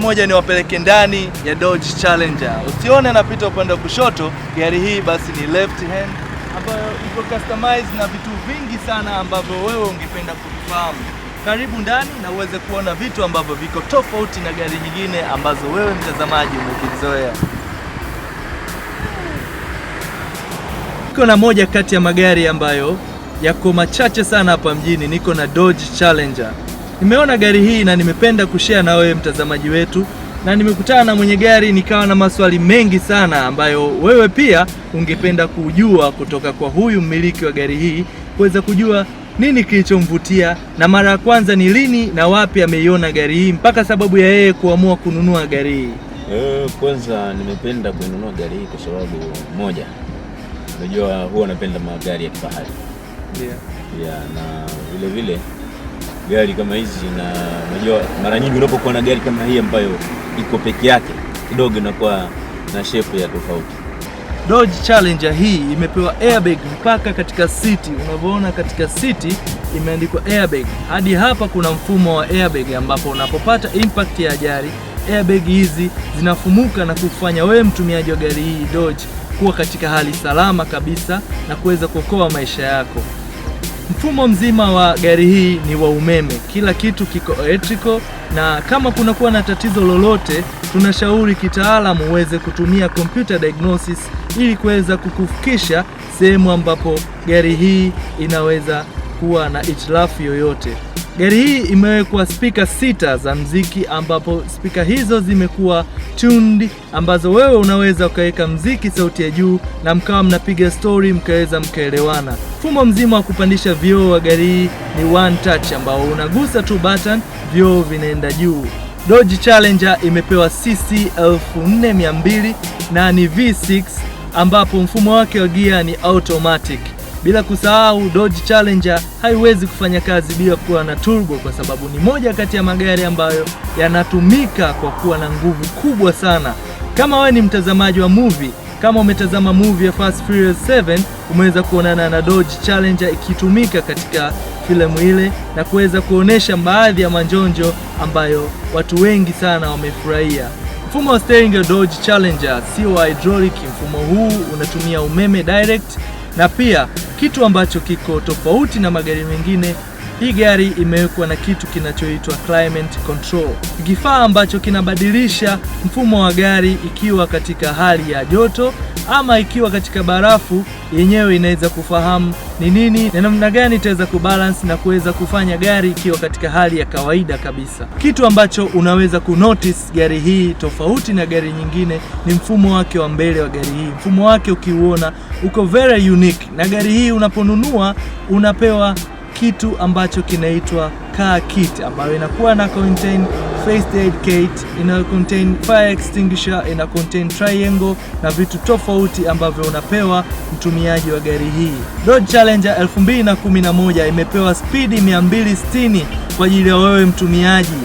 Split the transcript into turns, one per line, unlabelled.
Moja ni wapeleke ndani ya Dodge Challenger. Usione anapita upande wa kushoto, gari hii basi ni left hand ambayo iko customized na vitu vingi sana ambavyo wewe ungependa kuvifahamu. Karibu ndani na uweze kuona vitu ambavyo viko tofauti na gari nyingine ambazo wewe mtazamaji umekizoea. Niko na moja kati ya magari ambayo yako machache sana hapa mjini, niko na Dodge Challenger. Nimeona gari hii na nimependa kushare na wewe mtazamaji wetu, na nimekutana na mwenye gari nikawa na maswali mengi sana ambayo wewe pia ungependa kujua kutoka kwa huyu mmiliki wa gari hii, kuweza kujua nini kilichomvutia na mara ya kwanza ni lini na wapi ameiona gari hii mpaka sababu ya yeye kuamua kununua gari hii.
Eh, kwanza nimependa kununua gari hii kwa sababu moja, unajua huwa napenda magari ya kifahari yeah. Yeah, na vilevile gari kama hizi, na unajua mara nyingi unapokuwa na gari kama hii ambayo iko peke yake kidogo inakuwa na shepu ya tofauti.
Dodge Challenger hii imepewa airbag mpaka katika city. Unavyoona katika city imeandikwa airbag. Hadi hapa kuna mfumo wa airbag ambapo unapopata impact ya ajali, airbag hizi zinafumuka na kufanya wewe mtumiaji wa gari hii Dodge kuwa katika hali salama kabisa na kuweza kuokoa maisha yako. Mfumo mzima wa gari hii ni wa umeme, kila kitu kiko electrical, na kama kunakuwa na tatizo lolote, tunashauri kitaalamu uweze kutumia computer diagnosis ili kuweza kukufikisha sehemu ambapo gari hii inaweza kuwa na itilafu yoyote. Gari hii imewekwa spika sita za mziki, ambapo spika hizo zimekuwa tuned, ambazo wewe unaweza ukaweka mziki sauti ya juu na mkawa mnapiga stori mkaweza mkaelewana. Mfumo mzima wa kupandisha vioo wa gari hii ni one touch, ambao unagusa tu button, vioo vinaenda juu. Dodge Challenger imepewa cc 4200 na ni V6 ambapo mfumo wake wa gia ni automatic. Bila kusahau Dodge Challenger haiwezi kufanya kazi bila kuwa na turbo, kwa sababu ni moja kati ya magari ambayo yanatumika kwa kuwa na nguvu kubwa sana. Kama wewe ni mtazamaji wa movie, kama umetazama movie ya Fast Furious 7 umeweza kuonana na Dodge Challenger ikitumika katika filamu ile na kuweza kuonesha baadhi ya manjonjo ambayo watu wengi sana wamefurahia. Mfumo wa steering ya Dodge Challenger sio hydraulic. Mfumo huu unatumia umeme direct na pia kitu ambacho kiko tofauti na magari mengine hii gari imewekwa na kitu kinachoitwa climate control, kifaa ambacho kinabadilisha mfumo wa gari ikiwa katika hali ya joto ama ikiwa katika barafu, yenyewe inaweza kufahamu ni nini na namna gani itaweza kubalance na kuweza kufanya gari ikiwa katika hali ya kawaida kabisa. Kitu ambacho unaweza kunotice gari hii tofauti na gari nyingine ni mfumo wake wa mbele wa gari hii. Mfumo wake ukiuona uko very unique, na gari hii unaponunua unapewa kitu ambacho kinaitwa car kit ambayo inakuwa na contain first aid kit, ina contain fire extinguisher, ina contain triangle na vitu tofauti ambavyo unapewa mtumiaji wa gari hii. Dodge Challenger 2011 imepewa spidi 260 kwa ajili ya wewe mtumiaji